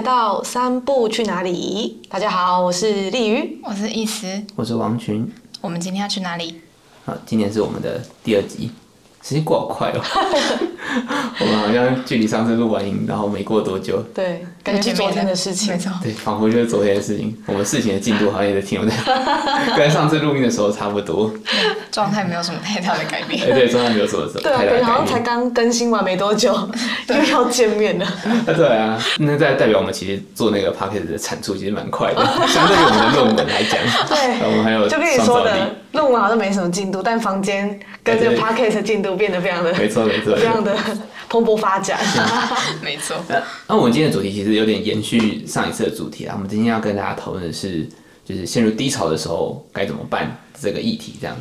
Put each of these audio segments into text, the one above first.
來到三步去哪裡？大家好，我是麗瑜，我是易思，我是王群。我們今天要去哪裡？好，今天是我們的第二集。時間過好快哦，我們好像距離上次錄完音，然後沒過多久 對，對，感覺是昨天的事情，對，仿佛就是昨天的事情。我們事情的進度好像也在停留在， 跟上次錄音的時候差不多，狀態沒有什麼太大的改變。哎，對，狀態沒有什麼太大的改變。對啊，然後才剛更新完沒多久，又 要見面了。對， 啊，對啊，那在代表我們其實做那個 podcast 的產出其實蠻快的，相 對於我們的論文來講。 對，我們還有就跟你說的論文好像沒什麼進度，但房間。這個 Podcast 的進度變得非常的，沒錯沒錯，非常的蓬勃發展，沒錯。那 沒錯、 啊啊、我們今天的主題其實有點延續上一次的主題啊，我們今天要跟大家討論的是，就是陷入低潮的時候該怎麼辦這個議題，這樣、欸。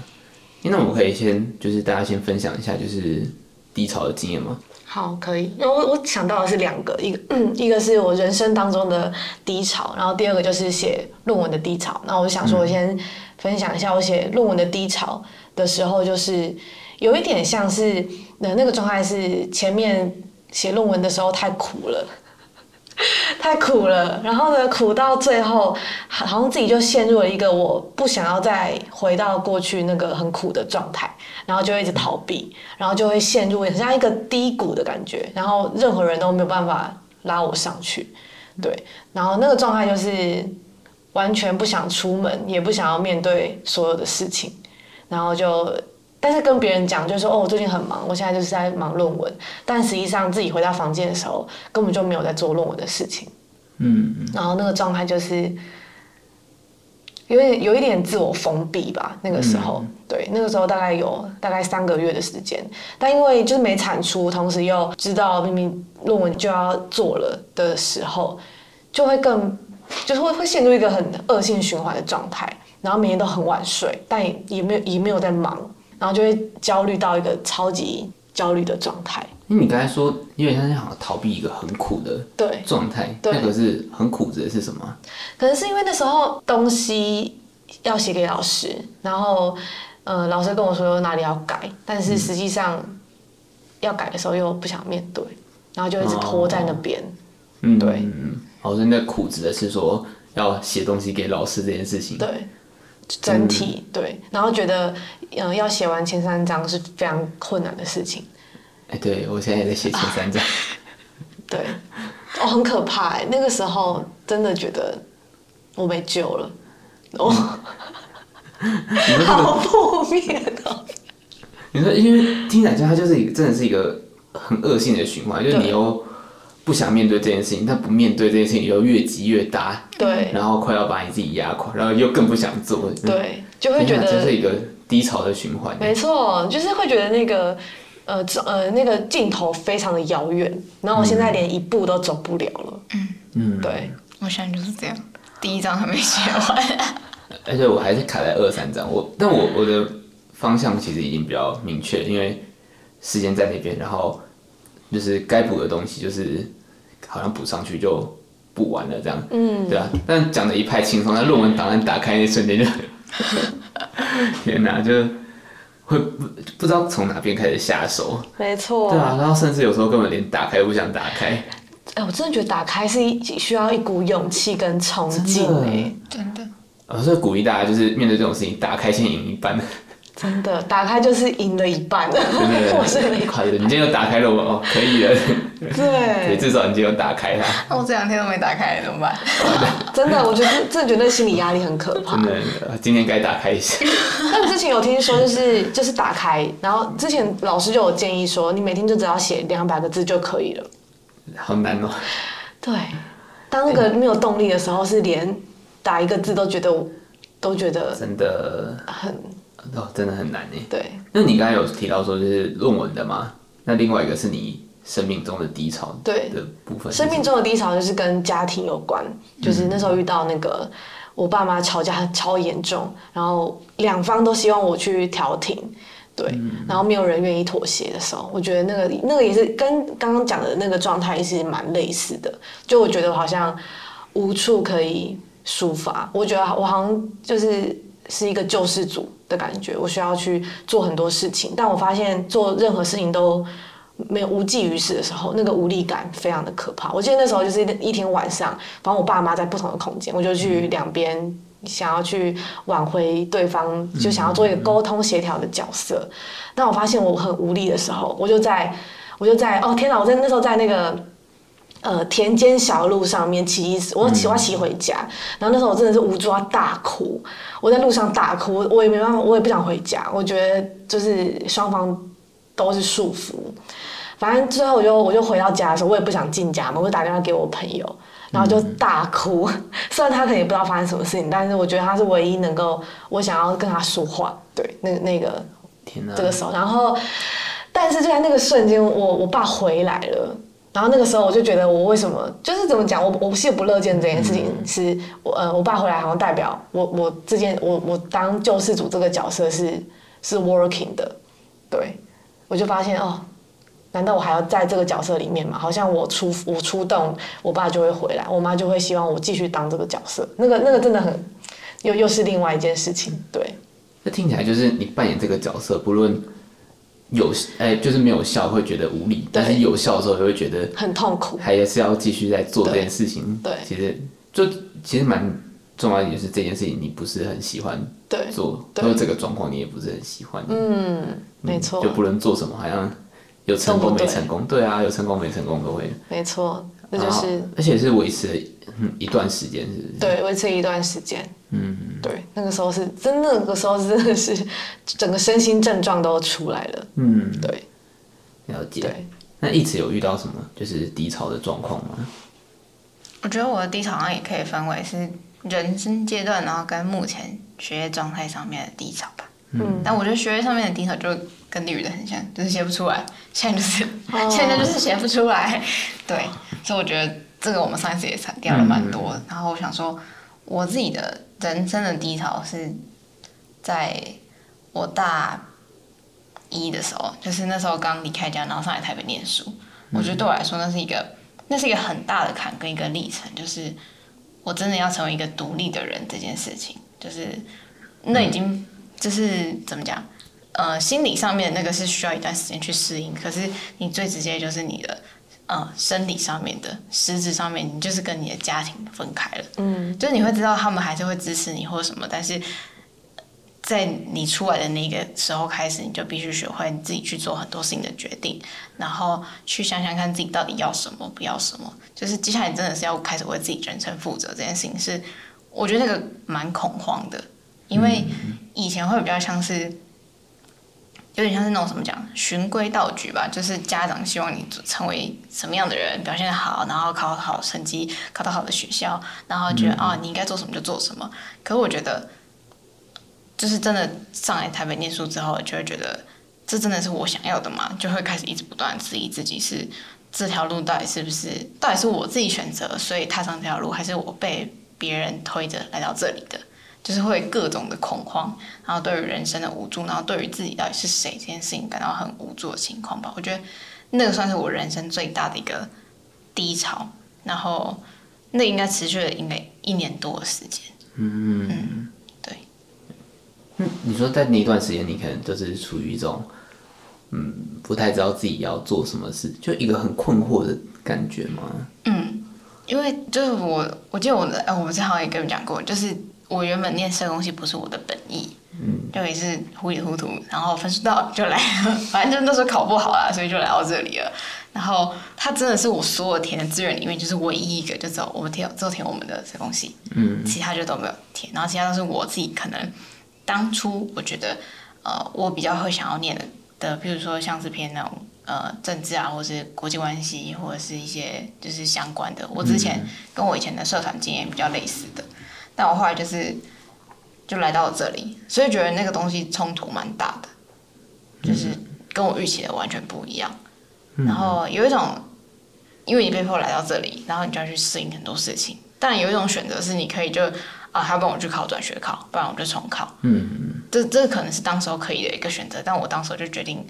那我們可以先就是大家先分享一下就是低潮的經驗嗎？好，可以。那我我想到的是兩個，一個、嗯、一個是我人生當中的低潮，然後第二個就是寫論文的低潮。那我想說，我先。嗯分享一下我寫論文的低潮的時候，就是有一點像是那那個狀態是前面寫論文的時候太苦了，太苦了，然後呢苦到最後，好像自己就陷入了一個我不想要再回到過去那個很苦的狀態，然後就會一直逃避，然後就會陷入很像一個低谷的感覺，然後任何人都沒有辦法拉我上去，對，然後那個狀態就是。完全不想出門，也不想要面對所有的事情，然後就，但是跟別人講就是說哦，我最近很忙，我現在就是在忙論文，但實際上自己回到房間的時候，根本就沒有在做論文的事情，嗯，然後那個狀態就是有點有一點自我封閉吧，那個時候，嗯，對，那個時候大概有大概三個月的時間，但因為就是沒產出，同時又知道明明論文就要做了的時候，就會更。就是會會陷入一個很惡性循環的狀態，然後每天都很晚睡，但也沒有也沒有在忙，然後就會焦慮到一個超級焦慮的狀態。因為你剛才說，因為他好像逃避一個很苦的對狀態，那個是很苦的是什麼？可能是因為那時候東西要寫給老師，然後呃老師跟我說哪裡要改，但是實際上要改的時候又不想面對，嗯，然後就一直拖在那邊。哦哦嗯，對，嗯，然後那苦指的是說要寫東西給老師這件事情。對，真整體對，然後覺得，嗯、呃，要寫完前三章是非常困難的事情。哎、欸，對我現在也在寫前三章。啊、對，我、哦、很可怕，哎，那個時候真的覺得我沒救了，我、哦 這個，好破滅的。你說，因為聽起來就它就是一個，真的是一個很惡性的循環，因為你又。不想面對這件事情，但不面對這件事情又越積越大，對，然後快要把你自己壓垮，然後又更不想做，嗯、對，就會覺得這是一個低潮的循環。沒錯，就是會覺得那個呃呃那個盡頭非常的遙遠，然後我現在連一步都走不了了。嗯嗯，對，我現在就是這樣，第一章還沒寫完， 而且我還是卡在二三章，我但我我的方向其實已經比較明確，因為時間在那邊，然後。就是該補的東西，就是好像補上去就補完了這樣，嗯，對吧、啊？但講的一派輕鬆，但論文檔案打開那瞬間就， 天哪、啊，就會不就不知道從哪邊開始下手，沒錯，對啊，然後甚至有時候根本連打開都不想打開。哎、欸，我真的覺得打開是一需要一股勇氣跟衝勁哎，真的。所以鼓勵大家，就是面對這種事情，打開先贏一半。真的，打開就是贏了一半了。對對對，我是那一，你今天又打開了嗎？ 哦，可以了。對， 至少你今天有打開了。那、哦、我這兩天都沒打開，怎麼辦？ 真的，我覺得真的覺得心理壓力很可怕。真的，今天該打開一下。那 你之前有聽說，就是就是打開，然後之前老師就有建議說，你每天就只要寫兩百個字就可以了。好難哦。對，當那個沒有動力的時候，是連打一個字都覺得都覺得真的很。哦，真的很難呢。對，那你剛才有提到說就是論文的嗎？那另外一個是你生命中的低潮，對的部分是不是？對。生命中的低潮就是跟家庭有關，嗯、就是那時候遇到那個我爸媽吵架超嚴重，然後兩方都希望我去調停，對、嗯，然後沒有人願意妥協的時候，我覺得那個那個也是跟剛剛講的那個狀態是蠻類似的。就我覺得我好像無處可以抒發，我覺得我好像就是。是一個救世主的感覺，我需要去做很多事情，但我發現做任何事情都沒有無濟於事的時候，那個無力感非常的可怕。我記得那時候就是一，一天晚上，反正我爸媽在不同的空間，我就去兩邊想要去挽回對方，嗯、就想要做一個溝通協調的角色、嗯。但我發現我很無力的時候，我就在，我就在，哦天哪！我在那時候在那個。呃，田間小路上面騎一次，我喜歡騎回家、嗯。然後那時候我真的是無助啊，大哭，我在路上大哭，我也沒辦法，我也不想回家。我覺得就是雙方都是束縛，反正最後我就我就回到家的時候，我也不想進家嘛，我就打電話給我朋友，然後就大哭、嗯。雖然他可能也不知道發生什麼事情，但是我覺得他是唯一能夠我想要跟他說話。對，那那個，天啊，這個時候，然後，但是就在那個瞬間，我我爸回來了。然後那個時候我就覺得，我為什麼就是怎麼講？我我不是不樂見這件事情，是，嗯、我呃，我爸回來好像代表我我這件我我當救世主這個角色是是 working 的，對，我就發現哦，難道我還要在這個角色裡面嗎？好像我出我出動，我爸就會回來，我媽就會希望我繼續當這個角色，那個那個真的很又又是另外一件事情，對。那聽起來就是你扮演這個角色，不論。有哎、欸，就是沒有效，會覺得無力；但是有效的時候，就會覺得很痛苦，還是要繼續在做這件事情。對，其實就其實蠻重要的，就是這件事情你不是很喜歡做，都是這個狀況，你也不是很喜歡。嗯，沒錯，就不能做什麼，好像有成功沒成功，對，對啊，有成功沒成功都會，沒錯。那就是，哦、而且是維持了一段時間，是不是？對，維持一段時間。嗯，對，那個時候是真的，那個時候真的是整個身心症狀都出來了。嗯，對，了解。那一直有遇到什麼就是低潮的狀況嗎？我覺得我的低潮好像也可以分為是人生階段，然後跟目前學業狀態上面的低潮吧。嗯，但我覺得學業上面的低潮就跟日語的很像，就是寫不出來，現在就是、哦、現在就是寫不出來，哦、 對，所以我覺得這個我們上一次也強調了蠻多、嗯。然後我想說，我自己的人生的低潮是在我大一的時候，就是那時候剛離開家，然後上來台北念書。嗯、我覺得對我來說，那是一個那是一個很大的坎跟一個歷程，就是我真的要成為一個獨立的人這件事情，就是那已經。嗯就是怎麼講，呃，心理上面那個是需要一段時間去適應。可是你最直接就是你的，呃，生理上面的、實質上面，你就是跟你的家庭分開了。嗯，就是你會知道他們還是會支持你或什麼，但是在你出來的那個時候開始，你就必須學會你自己去做很多事情的決定，然後去想想看自己到底要什麼、不要什麼。就是接下來真的是要開始為自己人生負責這件事情，是我覺得那個蠻恐慌的。因為以前會比較像是，有點像是那種什麼講，循規蹈矩吧，就是家長希望你成為什麼樣的人，表現的好，然後考好成績，考到好的學校，然後覺得啊，你應該做什麼就做什麼。可是我覺得，就是真的上來台北念書之後，就會覺得這真的是我想要的嗎？就會開始一直不斷質疑自己是，是這條路到底是不是，到底是我自己選擇，所以踏上這條路，還是我被別人推着來到這裡的？就是會各種的恐慌，然後對於人生的無助，然後對於自己到底是誰這件事情感到很無助的情況吧。我覺得那個算是我人生最大的一個低潮，然後那應該持續了應該一年多的時間。嗯，嗯對。嗯，你說在那一段時間，你可能就是處於一種嗯不太知道自己要做什麼事，就一個很困惑的感覺嗎？嗯，因為就是我我記得我哎、啊，我之前好像也跟你講過，就是。我原本念社工系不是我的本意，嗯，就也是糊裡糊塗，然後分數到就來了，反正就是那時候考不好啦、啊，所以就來到這裡了。然後它真的是我所有填的志願裡面，就是唯一一個就走我們填，就填我們的社工系，嗯，其他就都沒有填。然後其他都是我自己可能當初我覺得，呃，我比較會想要念的，比如說像是偏那種呃，政治啊，或是國際關係，或者是一些就是相關的。我之前跟我以前的社團經驗比較類似的。嗯嗯但我後來就是就來到了這裡，所以覺得那個東西衝突蠻大的，嗯，就是跟我預期的完全不一樣，嗯。然後有一種，因為你被迫來到這裡，然後你就要去適應很多事情。但有一種選擇是，你可以就啊，要不然我去考轉學考，不然我就重考。嗯嗯，這這可能是當時候可以的一個選擇，但我當時候就決定，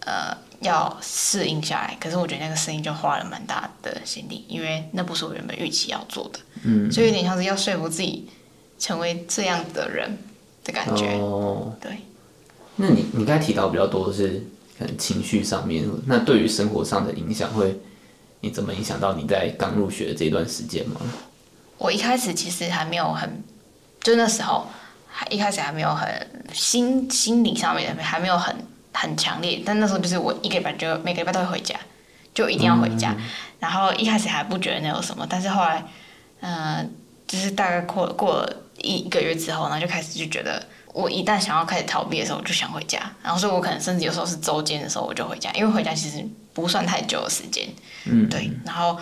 呃。要適應下來，可是我覺得那個適應就花了蠻大的心力，因為那不是我原本預期要做的，嗯，所以有點像是要說服自己成為這樣的人的感覺，哦，對。那你你剛才提到比較多的是可能情緒上面，那對於生活上的影響會你怎麼影響到你在剛入學的這段時間嗎？我一開始其實還沒有很，就那時候還一開始還沒有很心心理上面還沒有很。很強烈，但那時候就是我一個禮拜就每個禮拜都會回家，就一定要回家。Okay. 然後一開始還不覺得那有什麼，但是後來，嗯、呃，就是大概過了過了一一個月之後呢，然後就開始就覺得，我一旦想要開始逃避的時候，我就想回家。然後所以我可能甚至有時候是周間的時候我就回家，因為回家其實不算太久的時間，嗯、Mm-hmm.，對，然後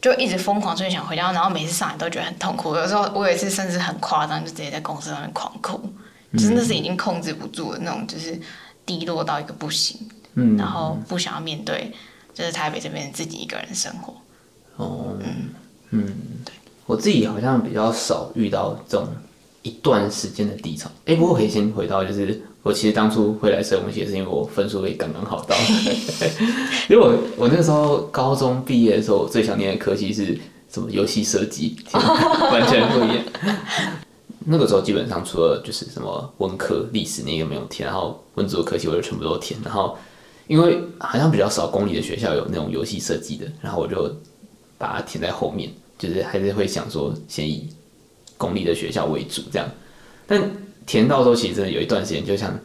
就一直瘋狂就想回家，然後每次上來都覺得很痛苦。有時候我有一次甚至很誇張，就直接在公司裡面狂哭，就是那是已經控制不住的那種，就是。低落到一個不行，嗯，然後不想要面對，就是台北這邊自己一個人生活，哦、嗯，嗯，對，我自己好像比較少遇到這種一段時間的低潮。哎，不過可以先回到，就是我其實當初回來學東西，是因為我分數也剛剛好到， 因為我我那時候高中畢業的時候，我最想念的科系是什麼？遊戲設計，完全不一樣。 那個時候基本上除了就是什麼文科歷史那個沒有填，然後文組科系我就全部都填，然後因為好像比較少公立的學校有那種遊戲設計的，然後我就把它填在後面，就是還是會想說先以公立的學校為主這樣，但填到的時候其實真的有一段時間，就像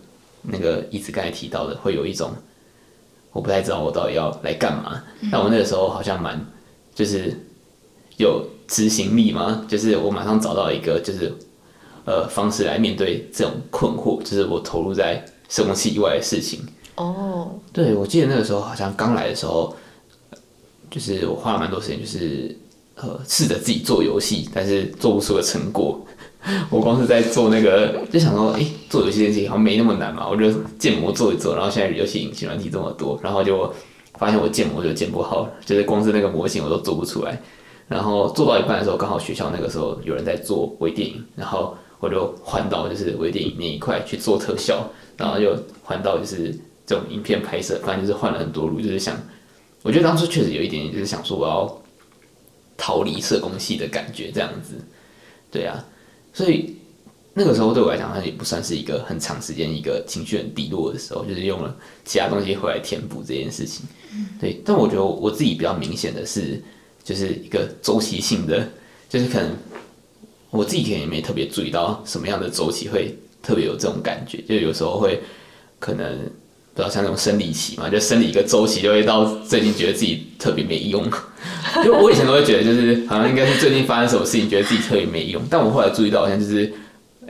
那個一直剛才提到的，會有一種我不太知道我到底要來幹嘛、嗯，但我們那個時候好像蠻就是有執行力嘛，就是我馬上找到一個就是。呃，方式來面對這種困惑，就是我投入在生物系以外的事情。哦、oh.，對，我記得那個時候好像剛來的時候，就是我花了蠻多時間，就是呃，試着自己做遊戲，但是做不出個成果。 我光是在做那個，就想說，誒，做遊戲的事情好像沒那麼難嘛。我就建模做一做，然後現在遊戲引擎軟體這麼多，然後就發現我建模就建不好，就是光是那個模型我都做不出來。然後做到一半的時候，剛好學校那個時候有人在做微電影，然後。我就換到就是微電影那一塊去做特效，然後又換到就是這種影片拍攝，反正就是換了很多路，就是想，我覺得當初確實有一點點就是想說我要逃離社工系的感覺，這樣子，對啊，所以那個時候對我來講，它也不算是一個很長時間一個情緒很低落的時候，就是用了其他東西回來填補這件事情，對，但我覺得我自己比較明顯的是，就是一個週期性的，就是可能。我自己以前也沒特別注意到什麼樣的周期會特別有這種感覺，就有時候會可能不知道像那種生理期嘛，就生理一個周期就會到最近覺得自己特別沒用，因為我以前都會覺得就是好像應該是最近發生什麼事情覺得自己特別沒用，但我後來注意到好像就是。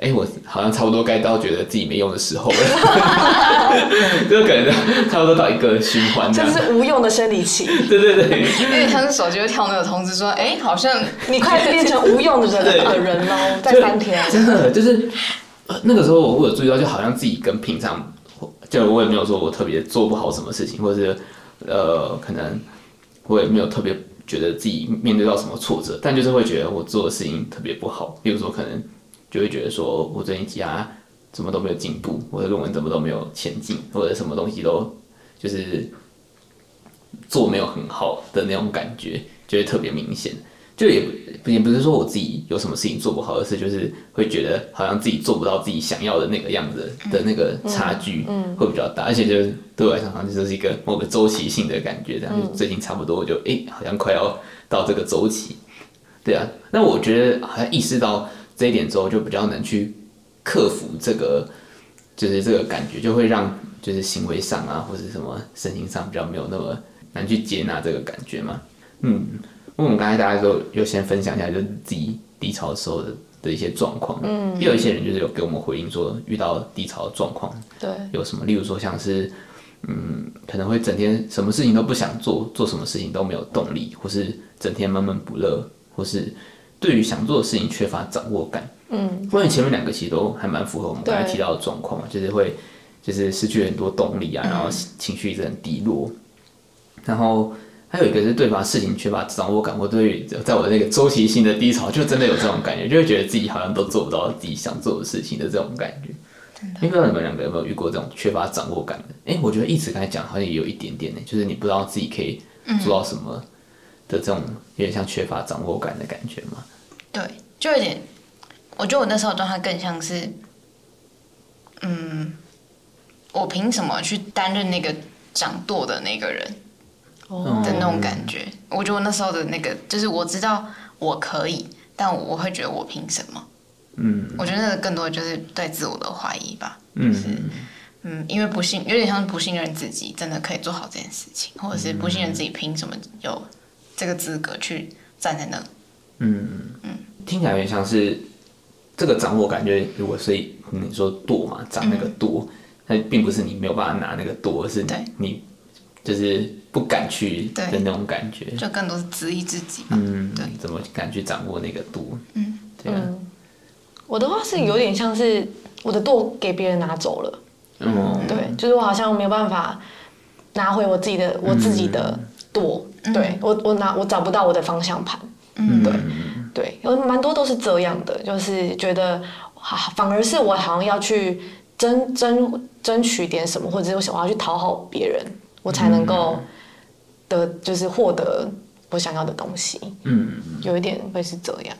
哎、欸，我好像差不多該到覺得自己沒用的時候了， 就感覺差不多到一個循環，就是無用的生理期。 對對對，因為他們手機會跳那個通知說，哎、欸，好像你快變成無用的、 呃、人了，在三天、啊，真的 就是、呃、那個時候我會有注意到，就好像自己跟平常，就我也沒有說我特別做不好什麼事情，或者是呃，可能我也沒有特別覺得自己面對到什麼挫折，但就是會覺得我做的事情特別不好，比如說可能。就會覺得說，我最近其他怎麼都沒有進步，我的論文怎麼都沒有前進，或者什麼東西都就是做沒有很好的那種感覺，就會特別明顯。就也不也不是說我自己有什麼事情做不好，而是就是會覺得好像自己做不到自己想要的那個樣子的那個差距會比較大，嗯嗯、而且就對我來講好像就是一個某個週期性的感覺，這樣最近差不多，我就誒、欸、好像快要到這個週期。對啊，那我覺得好像意識到。這一點之後就比較難去克服這個，就是這個感覺就會讓就是行為上啊或者什麼身心上比較沒有那麼難去接納這個感覺嘛。嗯，因為我們剛才大家都就又先分享一下就是自己低潮的時候的的一些狀況，嗯，也有一些人就是有給我們回應說遇到低潮的狀況，對，有什麼，例如說像是嗯可能會整天什麼事情都不想做，做什麼事情都沒有動力，或是整天悶悶不樂，或是。對於想做的事情缺乏掌握感，嗯，關於前面兩個其實都還蠻符合我們剛才提到的狀況，就是會就是失去很多動力啊、嗯，然後情緒一直很低落，然後還有一個是對方事情缺乏掌握感，我對於在我的那個周期性的低潮就真的有這種感覺，就會覺得自己好像都做不到自己想做的事情的這種感覺，不知道你們兩個有沒有遇過這種缺乏掌握感的？哎，我覺得一直剛才講好像也有一點點呢、欸，就是你不知道自己可以做到什麼的這種、嗯、有點像缺乏掌握感的感覺嘛。對，就有點，我覺得我那時候的狀態更像是，嗯，我憑什麼去擔任那個掌舵的那個人的那種感覺？Oh. 我覺得我那時候的那個，就是我知道我可以，但我，我會覺得我憑什麼？嗯、mm.，我覺得那個更多的就是對自我的懷疑吧，就是、mm. 嗯，因為不信，有點像是不信任自己真的可以做好這件事情，或者是不信任自己憑什麼有這個資格去站在那。嗯嗯，聽起來有點像是這個掌握感覺。如果是你說舵嘛，掌那個舵，那、嗯、並不是你沒有辦法拿那個舵而、嗯、是你，你就是不敢去的那種感覺。就更多是質疑自己嘛，嗯，怎麼敢去掌握那個舵？嗯，對、啊。我的話是有點像是我的舵給別人拿走了嗯。嗯，對，就是我好像沒有辦法拿回我自己的我自己的舵、嗯。對我、嗯，我拿我找不到我的方向盤。嗯，對，對，有蠻多都是這樣的，就是覺得，反而是我好像要去爭爭爭取點什麼，或者是我想要去討好別人，我才能夠得、嗯，就是獲得我想要的東西。嗯，有一點會是這樣。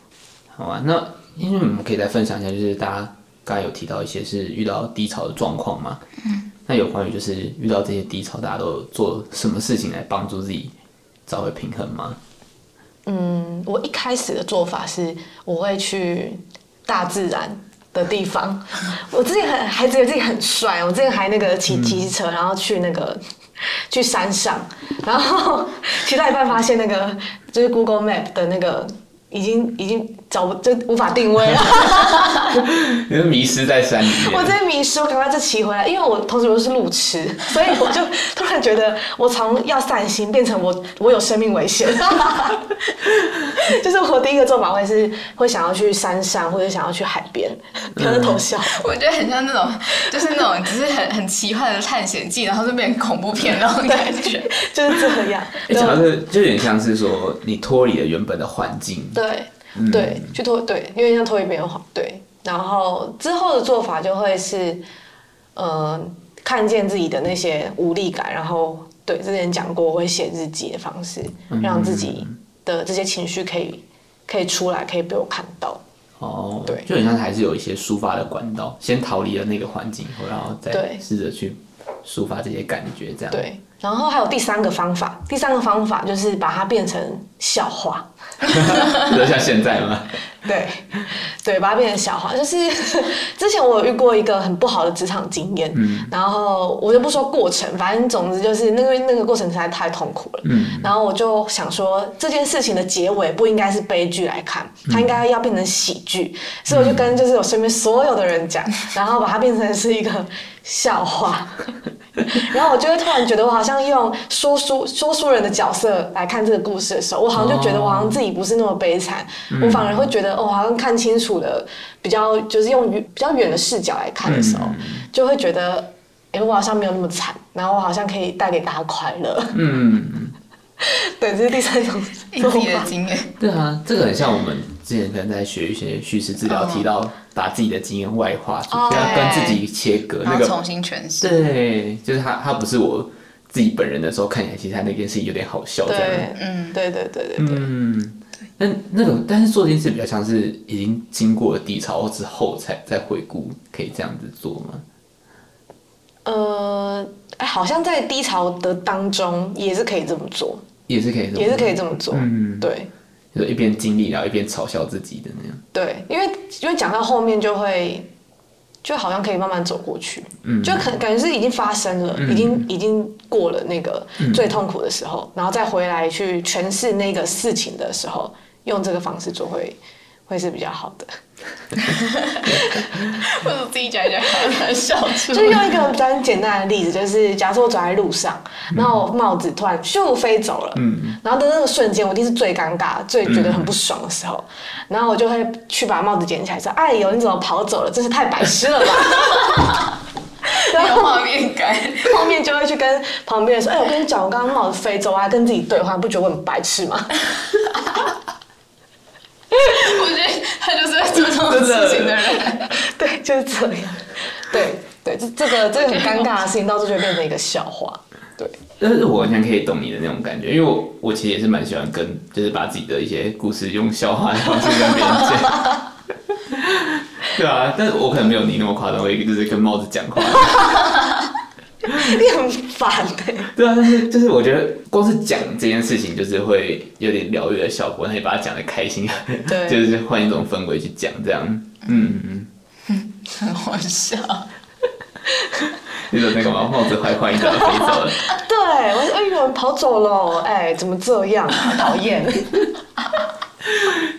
好啊，那因為我們可以再分享一下，就是大家剛才有提到一些是遇到低潮的狀況嘛。嗯。那有關於就是遇到這些低潮，大家都做什麼事情來幫助自己找回平衡嗎？嗯，我一開始的做法是，我會去大自然的地方。我自己很還覺得自己很帥，我之前還那個騎機車，然後去那個去山上，然後騎到一半發現那個就是 Google Map 的那個已經已經。已經找不，就無法定位了 ，你是迷失在山裡，我在迷失，我趕快就騎回來，因為我同時又是路痴，所以我就突然覺得我從要散心變成我我有生命危險， 就是我第一個做法會是會想要去山上，或者想要去海邊，偷偷笑、嗯，我覺得很像那種就是那種只是很很奇幻的探險記，然後就變成恐怖片的那種感覺，就是這樣，主要是就有點像是說你脫離了原本的環境，對。嗯、對，去拖。對，因為像拖一邊的話，對，然後之後的做法就會是，嗯、呃，看見自己的那些無力感，然後對，之前講過，我會寫日記的方式，讓自己的這些情緒可以可以出來，可以被我看到。哦，對，就很像還是有一些抒發的管道，先逃離了那個環境，然後再試着去抒發這些感覺，這樣對，對。然後還有第三個方法，第三個方法就是把它變成笑話。留 像現在嗎？ 對，對，把它變成笑話。就是之前我有遇過一個很不好的職場經驗、嗯，然後我就不說過程，反正總之就是那個那個過程實在太痛苦了。嗯，然後我就想說，這件事情的結尾不應該是悲劇來看，它應該要變成喜劇、嗯。所以我就跟就是我身邊所有的人講、嗯，然後把它變成是一個笑話。 然後我就會突然覺得，我好像用說書說書人的角色來看這個故事的時候，我好像就覺得我好像。自己不是那麼悲慘、嗯，我反而會覺得，哦，好像看清楚了，比較就是用比較遠的視角來看的時候，嗯、就會覺得，哎、欸，我好像沒有那麼慘，然後我好像可以帶給大家快樂。嗯 對，這是第三種一滴的經驗。對啊，這個很像我們之前可能在學一些敘事治療，提到把自己的經驗外化，哦、就要跟自己切割，哦欸、那個重新詮釋。對，就是他，他不是我。自己本人的時候，看起來其實他那件事情有點好笑，這樣嗯，嗯，對對對對對，嗯，那那種、嗯，但是做這件事比較像是已經經過了低潮之後，才再回顧，可以這樣子做嗎？呃，哎，好像在低潮的當中也是可以這麼做，也是可以，也是可以這麼做，嗯，對。就是、一邊經歷了，然後一邊嘲笑自己的那樣，對，因為因為講到後面就會。就好像可以慢慢走過去，嗯、就可感覺是已經發生了，嗯、已經已經過了那個最痛苦的時候，嗯、然後再回來去詮釋那個事情的時候，用這個方式做會。會是比較好的，或者自己講一講，好難笑出來。就用一個很很簡單的例子，就是假如說我走在路上，然後帽子突然咻飛走了，嗯嗯然後在那個瞬間，我一定是最尷尬、最覺得很不爽的時候，嗯嗯然後我就會去把帽子撿起來說：“哎呦，你怎麼跑走了？真是太白痴了吧！” 然後畫面後面就會去跟旁邊的人說：“哎、欸，我跟你講，我剛剛帽子飛走啊！”跟自己對話，不覺得我很白痴嗎？ 我覺得他就是在做這種事情的人， 對，就是這樣，對對，這這個這個很尷尬的事情，到時候就會變成一個笑話，對。但是我完全可以懂你的那種感覺，因為我我其實也是蠻喜歡跟，就是把自己的一些故事用笑話的方式跟別人講， 對啊，但是我可能沒有你那麼誇張，我一個就是跟帽子講話。 你很煩的、欸、對啊，但是就是我覺得光是講這件事情，就是會有點療癒的效果，而且把它講得開心，對， 就是換一種氛圍去講這樣。嗯嗯嗯，很 好笑。 你懂那個毛帽子快快快飛走了、 啊。對，我說哎呦，跑走了，哎、欸，怎麼這樣、啊，討厭。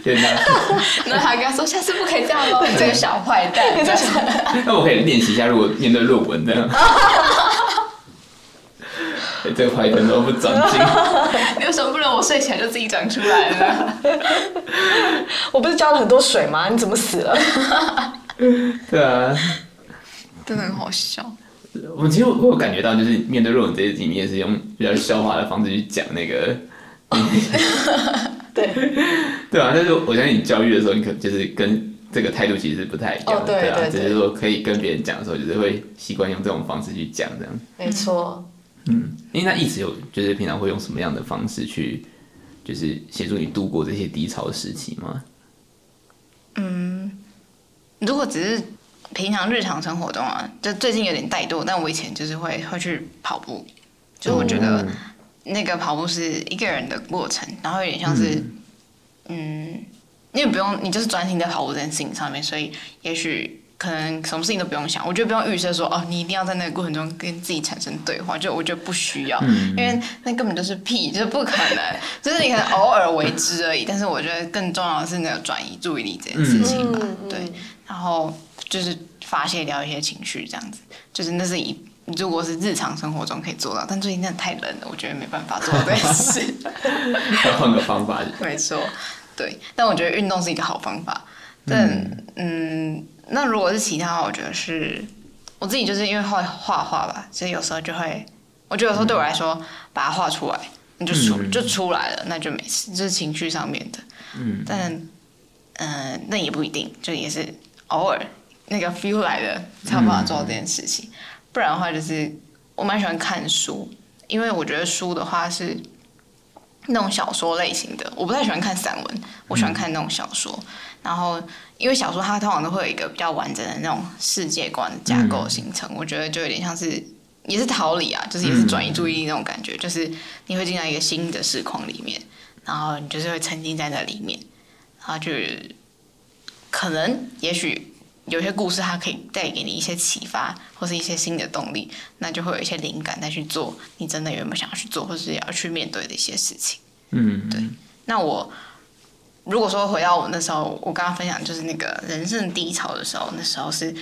有 點 那， 那還跟他說下次不可以這樣嘍，你這個小壞蛋， 那我可以練習一下，如果面對論文的。 這個花盆，都不長進， 你為什麼不能，我睡起來就自己長出來呢？ 我不是澆了很多水嗎？你怎麼死了？ 對啊，真的很好笑。我其實我有感覺到，就是面對弱智這些事情，你也是用比較笑話的方式去講那個。 對對啊，但是我相信你教育的時候，你可就是跟這個態度其實不太一樣，哦對對對對，對啊，只是說可以跟別人講的時候，就是會習慣用這種方式去講，這樣沒錯。嗯嗯，因為他一直有，就是平常會用什麼樣的方式去，就是協助你度過這些低潮時期嗎？嗯，如果只是平常日常生活中啊，就最近有點怠惰，但我以前就是會會去跑步，就是、我覺得那個跑步是一個人的過程，然後有點像是，嗯，你、嗯、不用，你就是專心在跑步這件事情上面，所以也許。可能什麼事情都不用想，我覺得不用預設說哦，你一定要在那個過程中跟自己產生對話。就我覺得不需要，嗯、因為那根本就是屁，就是不可能。 就是你可能偶爾為之而已。 但是我覺得更重要的是那個轉移注意力這件事情吧、嗯，對。然後就是發洩掉一些情緒，這樣子。就是那是一，如果是日常生活中可以做到，但最近真的太冷了，我覺得沒辦法做這件事。然 後 要換個方法沒錯，對。但我覺得運動是一個好方法。但嗯。嗯那如果是其他話，我覺得是，我自己就是因為會畫畫吧，所以有時候就會，我覺得有時候對我來說，嗯、把它畫出來，你就出、嗯、就出來了，那就沒事，這、就是情緒上面的。嗯，但嗯、呃，那也不一定，就也是偶爾那個 feel 來的，才有辦法做到這件事情。嗯、不然的話，就是我蠻喜歡看書，因為我覺得書的話是那種小說類型的，我不太喜歡看散文，我喜歡看那種小說。嗯然後，因為小說它通常都會有一個比較完整的那種世界觀的架構形成、嗯，我覺得就有點像是也是逃離啊，就是也是轉移注意力那種感覺、嗯，就是你會進到一個新的時空裡面，然後你就是會沉浸在那裡面，然後就可能也許有些故事它可以帶給你一些啟發或是一些新的動力，那就會有一些靈感再去做你真的原本想要去做或是要去面對的一些事情。嗯，對。那我。如果說回到我那時候，我剛剛分享就是那個人生低潮的時候，那時候是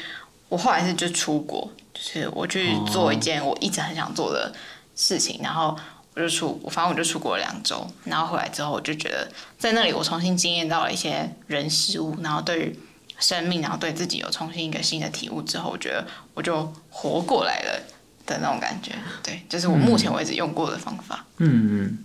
我後來是就出國，就是我去做一件我一直很想做的事情，哦、然後我就出，我反正我就出國了兩周，然後回來之後我就覺得，在那裡我重新經驗到了一些人事物，然後對於生命，然後對自己有重新一個新的體悟之後，我覺得我就活過來了的那種感覺，對，就是我目前為止用過的方法，嗯嗯。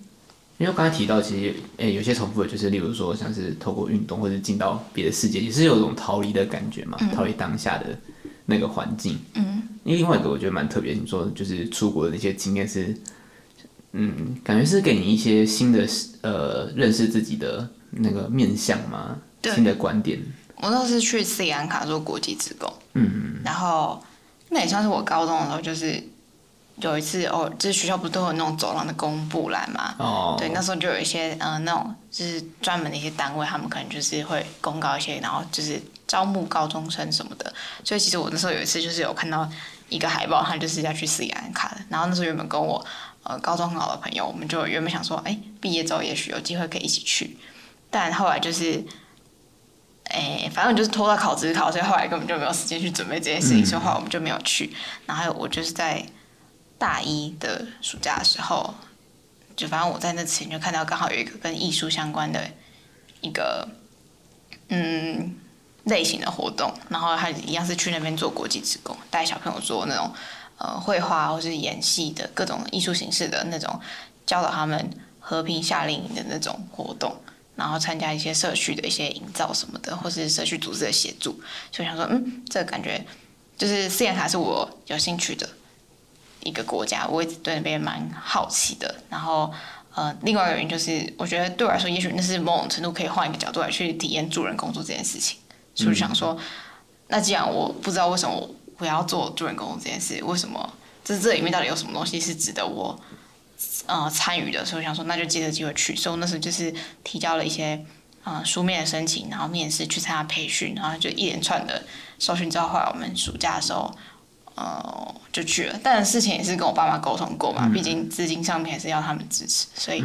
因為剛才提到，其實誒、欸，有些重複的就是，例如說，像是透過運動或者進到別的世界，也是有一種逃離的感覺嘛，嗯、逃離當下的那個環境。嗯，因為另外一個我覺得蠻特別，你說就是出國的那些經驗是，嗯，感覺是給你一些新的呃認識自己的那個面向嗎？新的觀點。我那是去斯里蘭卡做國際志工。嗯，然後那也算是我高中的時候就是。有一次，哦，就是學校不是都有那種走廊的公布欄嘛？哦、oh.，對，那時候就有一些呃，那種就是專門的一些單位，他們可能就是會公告一些，然後就是招募高中生什麼的。所以其實我那時候有一次就是有看到一個海報，他就是要去斯里蘭卡的。然後那時候原本跟我呃高中很好的朋友，我們就原本想說，哎、欸，畢業之後也許有機會可以一起去。但後來就是，哎、欸，反正就是拖到考指考，所以後來根本就沒有時間去準備這件事情，所、mm. 以後來我們就沒有去。然後我就是在。大一的暑假的時候，就反正我在那次就看到，剛好有一個跟藝術相關的，一個嗯類型的活動，然後他一樣是去那邊做國際志工，帶小朋友做那種呃繪畫或是演戲的各種藝術形式的那種教導他們和平夏令營的那種活動，然後參加一些社區的一些營造什麼的，或是社區組織的協助，就想說嗯，這個、感覺就是四眼卡是我有興趣的。一個國家，我一直對那邊蠻好奇的。然後，呃，另外一個原因就是，我覺得對我來說，也許那是某種程度可以換一個角度來去體驗助人工作這件事情，嗯。所以想說，那既然我不知道為什麼我要做助人工作這件事，為什麼這，就是，這裡面到底有什麼東西是值得我呃參與的？所以我想說，那就借着機會去。所以我那時候就是提交了一些呃書面的申請，然後面試，去參加培訓，然後就一連串的搜尋之後，後來我們暑假的時候。哦、uh,，就去了，但事情也是跟我爸媽溝通過嘛，mm -hmm. 畢竟資金上面還是要他們支持，所以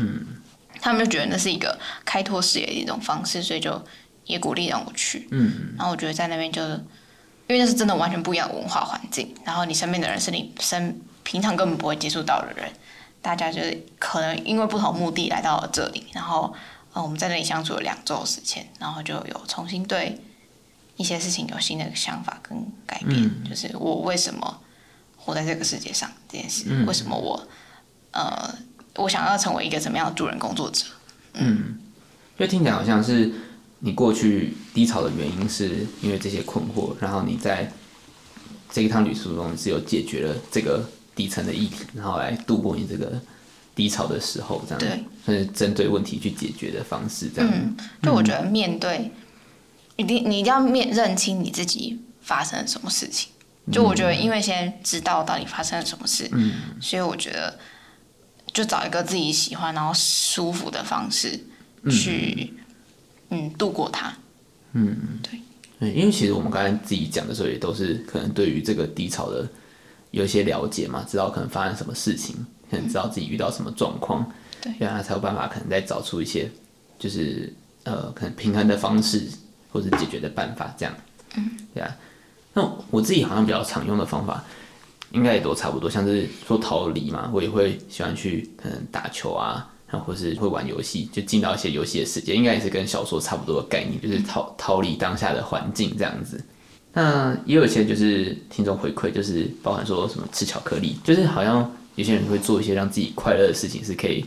他們就覺得那是一個開拓視野的一種方式，所以就也鼓勵讓我去。Mm -hmm. 然後我覺得在那邊就，是因為那是真的完全不一樣的文化環境，然後你身邊的人是你生平常根本不會接觸到的人，大家就是可能因為不同的目的來到了這裡，然後呃我們在那裡相處了兩周時間，然後就有重新對。一些事情有新的想法跟改變、嗯，就是我為什麼活在這個世界上這件事、嗯，為什麼我呃，我想要成為一個怎麼樣的助人工作者？嗯，因、嗯、為聽起來好像是你過去低潮的原因是因為這些困惑，然後你在這一趟旅途中只有解決了這個底層的議題，然後來度過你這個低潮的時候，這樣對，所以針對問題去解決的方式，這樣。嗯，就我覺得面對、嗯。你你一定要面認清你自己發生了什麼事情。嗯、就我覺得，因為現在知道到底發生了什麼事、嗯、所以我覺得就找一個自己喜歡然後舒服的方式去，嗯，嗯度過它。嗯對對，因為其實我們剛才自己講的時候，也都是可能對於這個低潮的有一些了解嘛，知道可能發生什麼事情，可能知道自己遇到什麼狀況，對、嗯，讓他才有辦法可能再找出一些就是呃，可能平衡的方式。或是解決的辦法，這樣，嗯，對啊。那我自己好像比較常用的方法，應該也都差不多，像是說逃離嘛，我也會喜歡去，嗯，打球啊，然後或是會玩遊戲，就進到一些遊戲的世界，應該也是跟小說差不多的概念，就是逃逃離當下的環境這樣子。那也有一些就是聽眾回饋，就是包含說什麼吃巧克力，就是好像有些人會做一些讓自己快樂的事情是可以。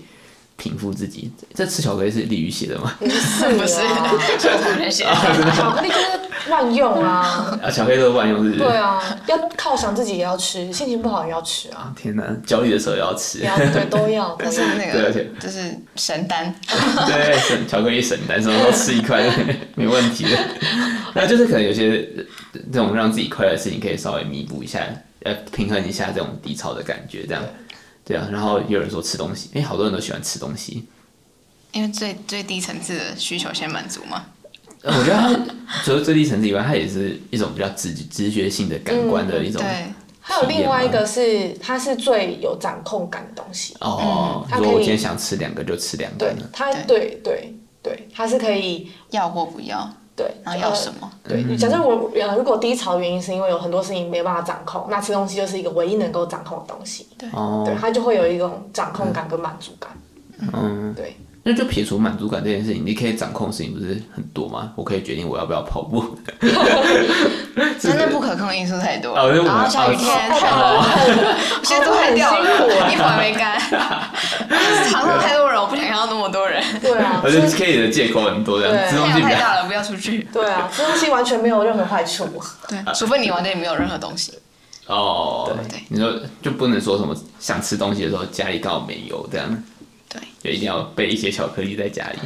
平復自己，這吃巧克力是利魚寫的嗎？是啊、 不是、啊，不是、啊、寫、喔、的。巧克力就是萬用啊、嗯！啊，巧克力都萬用，是不是？對啊，要犒賞自己也要吃，心情不好也要吃啊！啊天哪，焦慮的時候也要吃，對，都要。但是，那個 對，就是神丹。 對，巧克力神丹，什麼時候吃一塊 沒問題的。那就是可能有些這種讓自己快樂的事情，可以稍微彌補一下，要平衡一下這種低潮的感覺，這樣。對啊，然後有人說吃東西，哎，好多人都喜歡吃東西，因為最最低層次的需求先滿足嘛。我覺得它除了 最低層次以外，它也是一種比較直直覺性的感官的一種、嗯。對，還有另外一個是，它是最有掌控感的東西。哦，他、嗯、說我今天想吃兩個就吃兩個，對，它對對對，它是可以、嗯、要或不要。對，然後要什麼？對，呃、對假設我原來、呃、如果低潮的原因是因為有很多事情沒辦法掌控，那吃東西就是一個唯一能夠掌控的東西。對，哦、對，他就會有一種掌控感跟滿足感。嗯，嗯對。那就撇除滿足感這件事情，你可以掌控的事情不是很多嗎？我可以決定我要不要跑步。 真的不可控因素太多。啊，下雨天太了。冷，啊，現在都很掉，衣服還沒乾。場、啊、上、啊啊啊、太多人，我不想要那麼多人。對啊，就是可以的借口很多這樣。啊，東西太大了，不要出去。對啊，吃東西完全沒有任何壞處。對，除非你完全沒有任何東西。哦，對，你說就不能說什麼想吃東西的時候家裡剛好沒有這樣。對，就一定要備一些巧克力在家裡。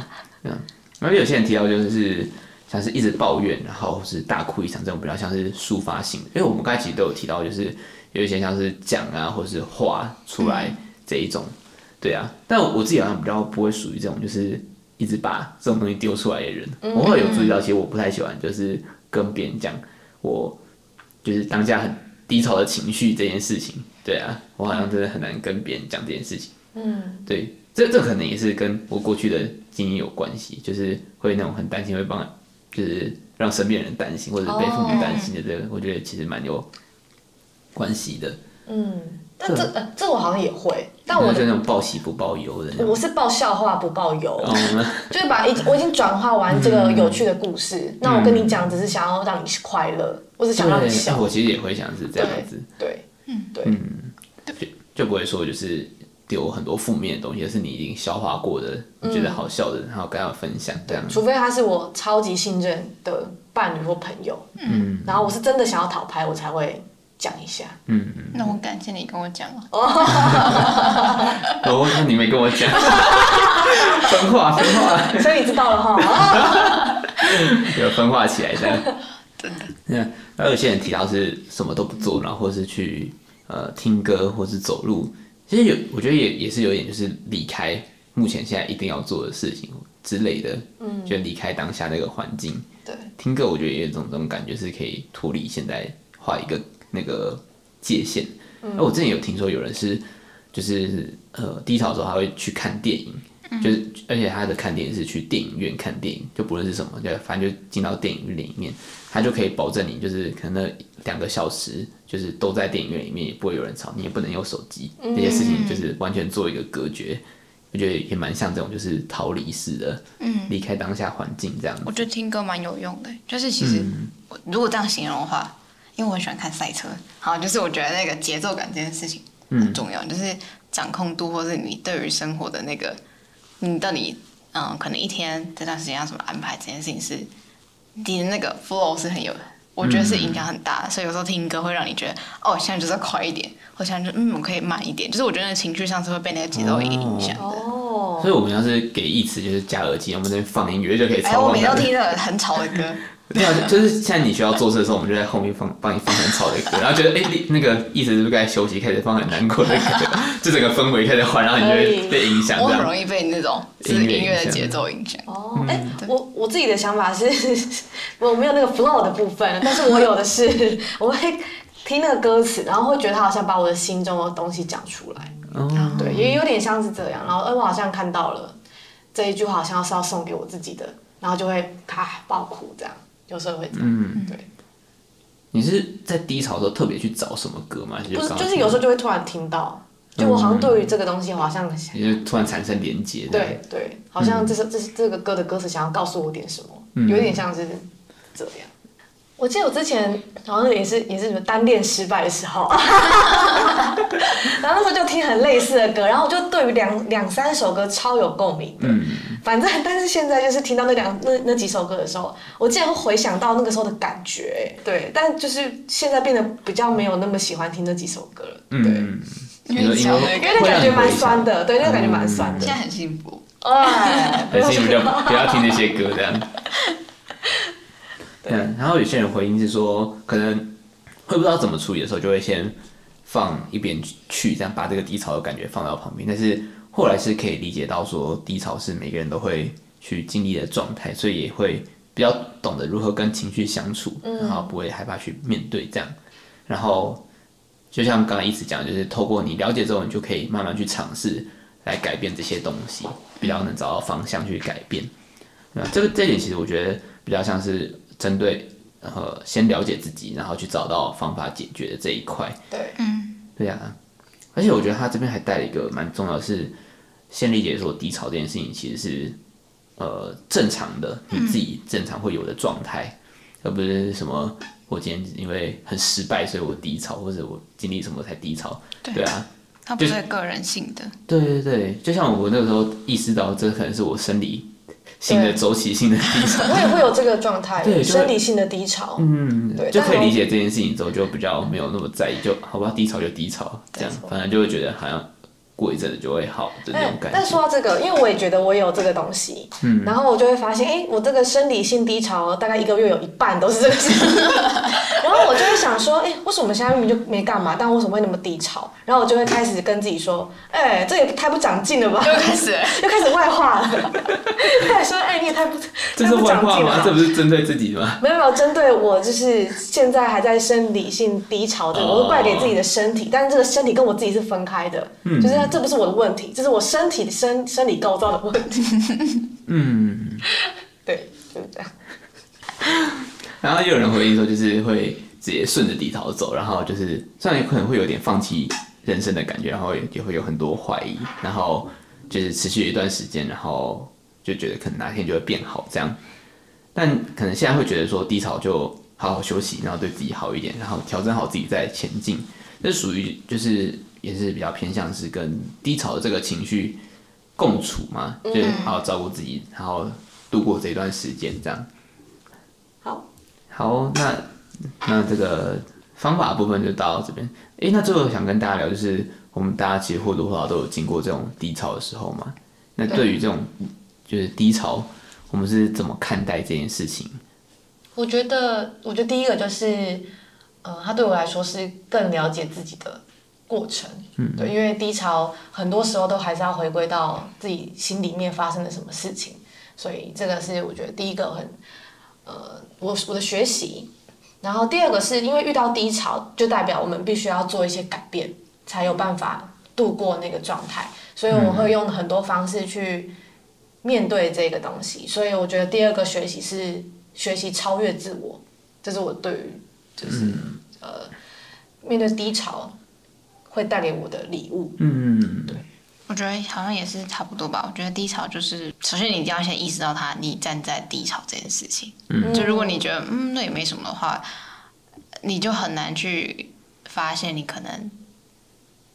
嗯、啊，然後有些人提到就是像是一直抱怨，然後是大哭一場這種比較像是抒發性。因為我們剛才其實都有提到，就是有一些像是講啊或者是畫出來這一種、嗯。對啊，但我自己好像比較不會屬於這種，就是一直把這種東西丟出來的人。嗯嗯我會有注意到，其實我不太喜歡就是跟別人講我就是當下很低潮的情緒這件事情。對啊，我好像真的很難跟別人講這件事情。嗯，對。這這可能也是跟我過去的經驗有關係，就是會那種很擔心，會幫，就是讓身邊人擔心或者被父母擔心的這個、哦，我覺得其實蠻有關係的。嗯，但這這我好像也會，但我是那種報喜不報憂的。我是報笑話不報憂，哦、 就是把已經我已經轉化完這個有趣的故事，嗯、那我跟你講，只是想要讓你快樂，我、嗯、只想讓你笑。我其實也會想是這樣子，對，嗯，對，嗯，就就不會說就是。有很多負面的東西，就是你已經消化過的、嗯，覺得好笑的，然後跟他分享，對，這樣。除非他是我超級信任的伴侶或朋友，嗯，然後我是真的想要討拍，我才會講一下。嗯嗯。那我感謝你跟我講，我說你沒跟我講。。 分化，分化。所以你知道了哈。 有分化起來的。真的。那，有些人提到是什麼都不做，然後或是去呃聽歌，或是走路。其實有，我覺得也也是有點，就是離開目前現在一定要做的事情之類的，嗯，就離開當下那個環境。對，聽歌我覺得也有這種這種感覺，是可以脫離現在畫一個那個界限。那，嗯，我之前有聽說有人是，就是呃低潮的時候還會去看電影。就是，而且他的看電影是去電影院看電影，就不論是什麼，對，反正就進到電影院裡面，他就可以保證你就是可能那兩個小時，就是都在電影院裡面也不會有人吵，你也不能用手機、嗯，這些事情就是完全做一個隔絕。我覺得也蠻像這種，就是逃離式的，嗯、離開當下環境這樣。我覺得聽歌蠻有用的，就是其實、嗯、我如果這樣形容的話，因為我很喜歡看賽車，好，就是我覺得那個節奏感這件事情很重要，嗯、就是掌控度，或是你對於生活的那個。你到底嗯，可能一天這段時間要怎麼安排？這件事情是你的那個 flow 是很有，我覺得是影響很大的、嗯。所以有時候聽歌會讓你覺得，哦，現在就是快一點，或者、就是、嗯，我可以慢一點。就是我覺得情緒上是會被那個節奏影響的。哦，所以我們要是給一詞，就是加耳機，我們這邊放音樂就可以了。哎，我每天都聽着很吵的歌。 沒有就是現在，你需要做事的時候，我們就在後面放幫你放很吵的歌，然後覺得哎，那個意思是不是該休息，開始放很難過的歌，就整個氛圍開始壞，然後你就會被影響這樣。我很容易被那種是音，樂音樂的節奏影響。哦、oh, 欸，哎，我我自己的想法是，我沒有那個 flow 的部分，但是我有的是，我會聽那個歌詞，然後會覺得他好像把我的心中的東西講出來。哦、oh.，對，也有點像是這樣。然後，哎，我好像看到了這一句話，好像是要送給我自己的，然後就會啊，爆哭這樣。有時候會這樣嗯，對。你是在低潮的時候特別去找什麼歌嗎？不是，就是有時候就會突然聽到，就、嗯、我好像對於這個東西好像也就突然產生連接。對對,對，好像這是、嗯、這是這個歌的歌詞想要告訴我點什麼、嗯，有點像是這樣。我記得我之前好像也是也是什麼單戀失敗的時候， 然後那時候就聽很類似的歌，然後我就對於兩兩三首歌超有共鳴。嗯，反正但是現在就是聽到那兩那那幾首歌的時候，我竟然會回想到那個時候的感覺。對，但就是現在變得比較沒有那麼喜歡聽那幾首歌了。嗯，對，因為那感覺蠻酸的，對，那個感覺蠻酸的，嗯。現在很幸福，哎， 很幸福不要聽那些歌這樣。嗯，然後有些人回應是說，可能會不知道怎麼處理的時候，就會先放一邊去，這樣把這個低潮的感覺放到旁邊。但是後來是可以理解到說，說低潮是每個人都會去經歷的狀態，所以也會比較懂得如何跟情緒相處，然後不會害怕去面對這樣。嗯，然後就像剛才一直講，就是透過你了解之後，你就可以慢慢去嘗試來改變這些東西，比較能找到方向去改變。那這個這一點其實我覺得比較像是。針對，然後先了解自己，然後去找到方法解決的這一塊。對，嗯，對呀、啊。而且我覺得他這邊還帶了一個蠻重要的，的，是先理解說我低潮這件事情其實是呃正常的，你自己正常會有的狀態，而、嗯、不是什麼我今天因為很失敗，所以我低潮，或者我經歷什麼才低潮。對，對啊。他不是個人性的。對，對對對，就像我那個時候意識到，這可能是我生理。新的週期性的低潮，我 也會有這個狀態，生理性的低潮，嗯，對，就可以理解這件事情之後，就比較沒有那麼在意，就好吧，低潮就低潮，這樣，反正就會覺得好像。過一就會好，但、欸，但說到這個，因為我也覺得我有這個東西、嗯，然後我就會發現，哎，欸，我這個生理性低潮大概一個月有一半都是這個事情 然後我就會想說，哎，欸，為什麼我們現在明明就沒幹嘛，但為什麼會那麼低潮？然後我就會開始跟自己說，哎，欸，這也太不長進了吧？又，又開始又開始外化了。開 始說，哎，欸，你也太不，太不長進了，這是外化嗎？這不是針對自己嗎？沒有沒有，針對我就是現在還在生理性低潮，這個，的、哦，我都怪給自己的身體，但是這個身體跟我自己是分開的，嗯，就是。這不是我的問題，這是我身體身生理構造的問題。嗯 對，對就是這樣。 然後又有人回應說，就是會直接順着低潮走，然後就是雖然有可能會有點放棄人生的感覺，然後也,也會有很多懷疑，然後就是持續一段時間，然後就覺得可能哪天就會變好這樣。但可能現在會覺得說低潮就好好休息，然後對自己好一點，然後調整好自己再前進。那屬於就是。也是比較偏向是跟低潮的這個情緒共處嘛，嗯嗯，就是好好照顧自己，然後度過這一段時間這樣。好，好，那那這個方法的部分就到這邊。哎、欸，那最後我想跟大家聊就是，我們大家其實或多或少都有經過這種低潮的時候嘛。那對於這種就是低潮，我們是怎麼看待這件事情？我覺得，我覺得第一個就是，呃，他對我來說是更了解自己的過程，嗯，對，因為低潮很多時候都還是要回歸到自己心裡面發生了什麼事情，所以這個是我覺得第一個很，呃，我我的學習，然後第二個是因為遇到低潮，就代表我們必須要做一些改變，才有辦法度過那個狀態，所以我會用很多方式去面對這個東西，所以我覺得第二個學習是學習超越自我，這是，就是我對於就是，嗯，呃面對低潮。會帶給我的禮物。嗯嗯對，我覺得好像也是差不多吧。我覺得低潮就是，首先你一定要先意識到它，你站在低潮這件事情。嗯。就如果你覺得嗯那也沒什麼的話，你就很難去發現你可能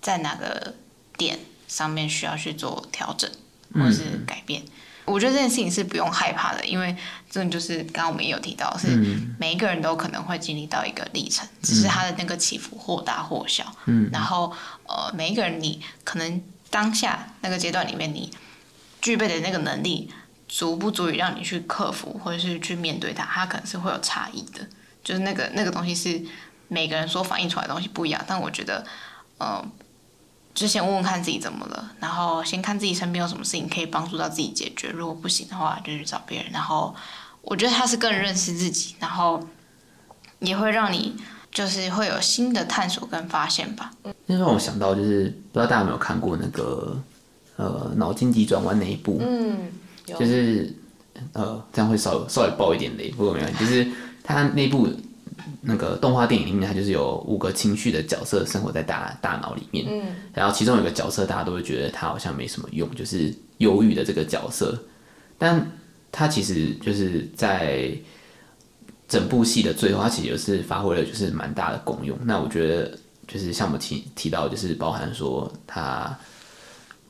在哪個點上面需要去做調整或是改變。嗯我覺得這件事情是不用害怕的，因為這就是剛剛我們也有提到，是每一個人都可能會經歷到一個歷程，嗯，只是他的那個起伏或大或小。嗯，然後呃，每一個人你可能當下那個階段裡面，你具備的那個能力足不足以讓你去克服或者是去面對它，它可能是會有差異的。就是那個那個東西是每個人所反映出來的東西不一樣，但我覺得，嗯，呃。就先問問看自己怎麼了，然後先看自己身邊有什麼事情可以幫助到自己解決。如果不行的話，就去找別人。然後我覺得他是更認識自己，然後也會讓你就是會有新的探索跟發現吧。那讓我想到就是不知道大家有沒有看過那個呃腦筋急轉彎那一部，嗯，就是呃這樣會稍，稍微爆一點雷，不過沒關係。 就是他那部。那個動畫電影裡面，它就是有五個情緒的角色生活在大大腦裡面，嗯，然後其中有個角色，大家都會覺得它好像沒什麼用，就是憂鬱的這個角色，但它其實就是在整部戲的最後，它其實就是發揮了就是蠻大的功用。那我覺得就是像我們提提到，就是包含說它，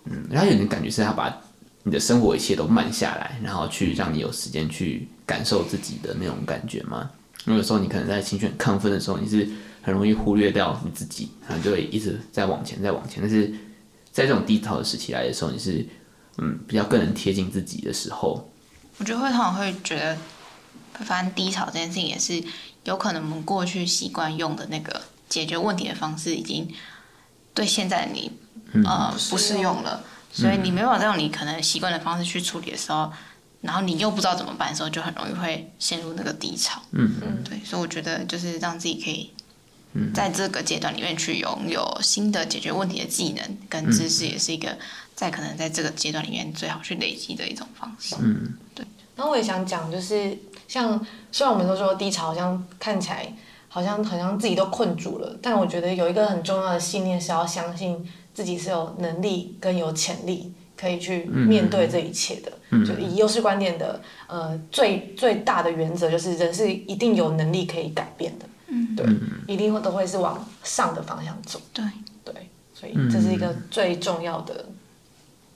嗯，他有點感覺是它把你的生活一切都慢下來，然後去讓你有時間去感受自己的那種感覺嗎？因為有時候你可能在情緒很亢奮的時候，你是很容易忽略掉你自己，啊，就會一直在往前，在往前。但是，在這種低潮的時期來的時候，你是，嗯，比較更能貼近自己的時候。我覺得會，好像會覺得，會發現低潮這件事情也是有可能，我們過去習慣用的那個解決問題的方式，已經對現在你、嗯、呃不適用了是、哦嗯。所以你沒有這種你可能習慣的方式去處理的時候。然後你又不知道怎麼辦的時候，就很容易會陷入那個低潮。嗯嗯，對，所以我覺得就是讓自己可以，在這個階段裡面去擁有新的解決問題的技能跟知識，也是一個在可能在這個階段裡面最好去累積的一種方式。嗯嗯，對。然後我也想講，就是像雖然我們都說低潮好像看起來好像好像自己都困住了，但我覺得有一個很重要的信念是要相信自己是有能力跟有潛力可以去面對這一切的。就以優勢觀念的，嗯、呃，最最大的原則就是人是一定有能力可以改變的，嗯、對、嗯，一定都會是往上的方向走。對對，所以這是一個最重要的、嗯，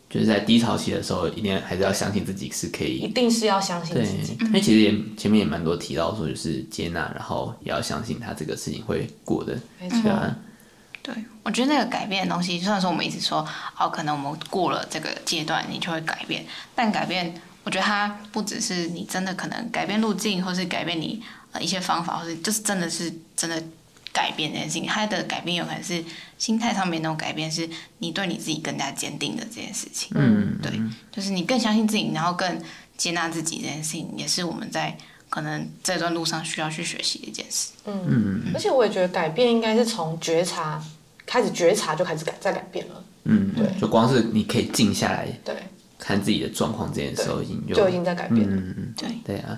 就是在低潮期的時候，一定還是要相信自己是可以，一定是要相信自己的。因為其實也前面也蠻多提到說，就是接納，然後也要相信他這個事情會過的。沒錯。對，我覺得那個改變的東西，雖然說我們一直說，哦，可能我們過了這個階段，你就會改變。但改變，我覺得它不只是你真的可能改變路徑，或是改變你呃一些方法，或是就是真的是真的改變這件事情。它的改變有可能是心態上面那種改變，是你對你自己更加堅定的這件事情。嗯，對，就是你更相信自己，然後更接納自己這件事情，也是我們在。可能這段路上需要去學習一件事。嗯嗯嗯。而且我也覺得改變應該是從覺察開始，覺察就開始改在改變了。嗯，對，就光是你可以靜下來，對，看自己的狀況，這件事情就，就已經在改變了。嗯嗯，對對啊。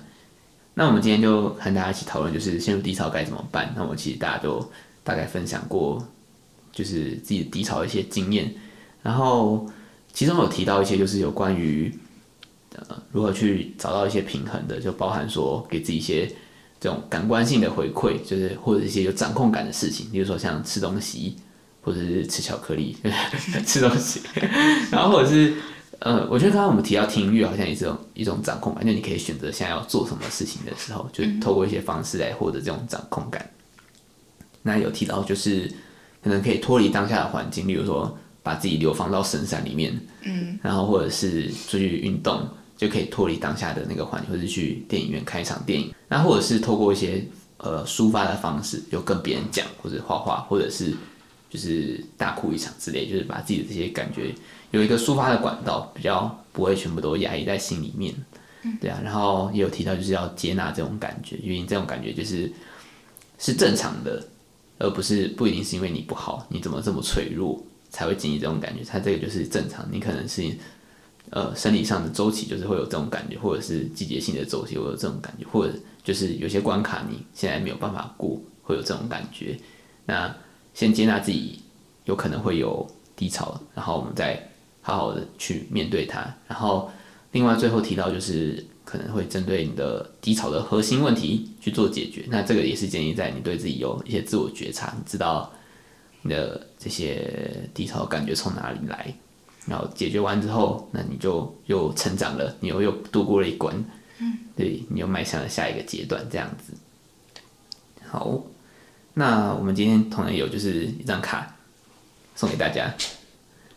那我們今天就和大家一起討論，就是陷入低潮該怎麼辦？那我其實大家都大概分享過，就是自己的低潮一些經驗，然後其中有提到一些就是有關於。呃、如何去找到一些平衡的，就包含說給自己一些這種感官性的回饋，就是或者一些有掌控感的事情，例如說像吃東西，或者是吃巧克力， 吃東西，然後或者是呃，我覺得剛剛我們提到聽音樂，好像也是一種一種掌控感，就你可以選擇現在要做什麼事情的時候，就透過一些方式來獲得這種掌控感。嗯、那有提到就是可能可以脫離當下的環境，例如說把自己流放到深山裡面，嗯，然後或者是出去運動。就可以脫離當下的那個環境，或是去電影院看一場電影，那或者是透過一些呃抒發的方式，就跟別人講，或者畫畫，或者是，話話，或者是就是大哭一場之類，就是把自己的這些感覺有一個抒發的管道，比較不會全部都壓抑在心裡面。對啊，然後也有提到就是要接納這種感覺，因為這種感覺就是是正常的，而不是不一定是因為你不好，你怎麼這麼脆弱才會經歷這種感覺，它這個就是正常，你可能是。呃，生理上的週期就是會有這種感覺，或者是季節性的週期會有這種感覺，或者就是有些關卡你現在沒有辦法過，會有這種感覺。那先接納自己有可能會有低潮，然後我們再好好的去面對它。然後另外最後提到就是可能會針對你的低潮的核心問題去做解決。那這個也是建議在你對自己有一些自我覺察，你知道你的這些低潮的感覺從哪裡來。然後解決完之後，那你就又成長了，你又又度過了一關，嗯，對，你又邁向了下一個階段，這樣子。好，那我們今天同樣有就是一張卡送給大家，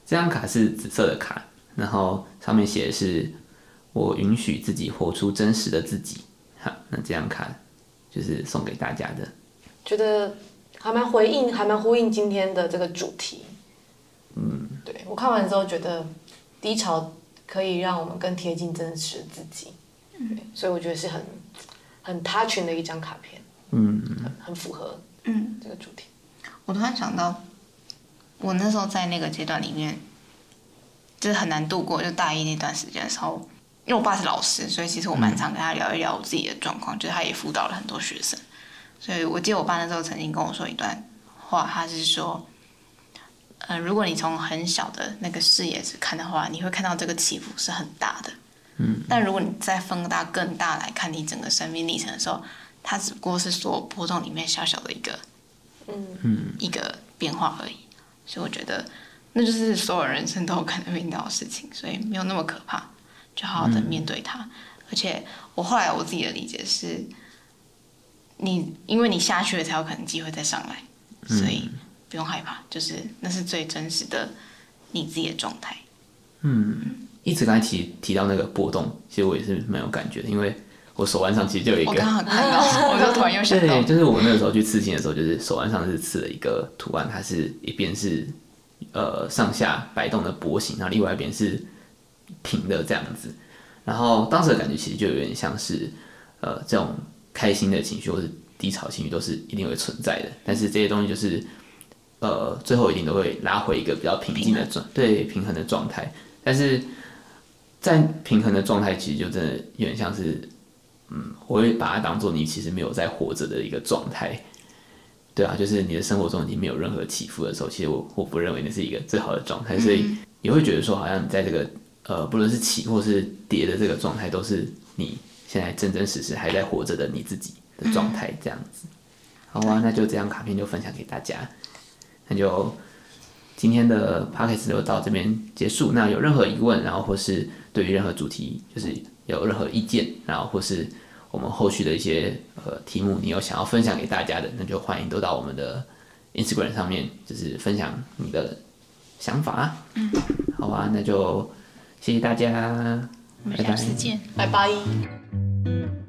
這張卡是紫色的卡，然後上面寫的是我允許自己活出真實的自己。哈，那這張卡就是送給大家的。覺得還蠻回應，還蠻呼應今天的這個主題。對，我看完之後覺得低潮可以讓我們更貼近真實的自己，所以我覺得是很很 touch 的一張卡片，很很符合這個主題，嗯。我突然想到，我那時候在那個階段裡面就是很難度過，就大一那段時間的時候，因為我爸是老師，所以其實我蠻常跟他聊一聊我自己的狀況，嗯，就是他也輔導了很多學生，所以我記得我爸那時候曾經跟我說一段話，他是說。呃，如果你從很小的那個視野去看的話，你會看到這個起伏是很大的。嗯。但如果你再放大更大來看你整個生命歷程的時候，它只不過是所有波動裡面小小的一個，嗯嗯，一個變化而已。所以我覺得那就是所有人生都有可能會遇到的事情，所以沒有那麼可怕，就好好的面對它。嗯，而且我後來我自己的理解是，你因為你下去了，才有可能機會再上來，所以。嗯不用害怕，就是那是最真實的你自己的狀態。嗯，一直剛才提提到那個波動，其實我也是蠻有感覺的，因為我手腕上其實就有一個，我剛，剛看到， 我剛剛突然又想到，對，對，就是我們那個時候去刺青的時候，就是手腕上是刺了一個圖案，它是一邊是呃上下擺動的波形，然後另外一邊是平的這樣子。然後當時的感覺其實就有點像是呃這種開心的情緒或是低潮情緒都是一定會存在的，但是這些東西就是。呃，最後一定都會拉回一個比較平靜的狀，對，平衡的狀態。但是在平衡的狀態，其實就真的有點像是，嗯，我會把它當做你其實沒有在活着的一個狀態。對啊，就是你的生活中已經沒有任何起伏的時候，其實我我不認為那是一個最好的狀態。所以也會覺得說，好像你在這個呃，不論是起或是跌的這個狀態，都是你現在真真實實還在活着的你自己的狀態這樣子。好啊，那就這張卡片就分享給大家。那就今天的 Podcast 就到這邊結束。那有任何疑問，然後或是對於任何主題，就是有任何意見，然後或是我們後續的一些呃題目，你有想要分享給大家的，那就歡迎都到我們的 Instagram 上面，就是分享你的想法。嗯，好吧、啊，那就謝謝大家，我們下次見，拜拜。拜拜。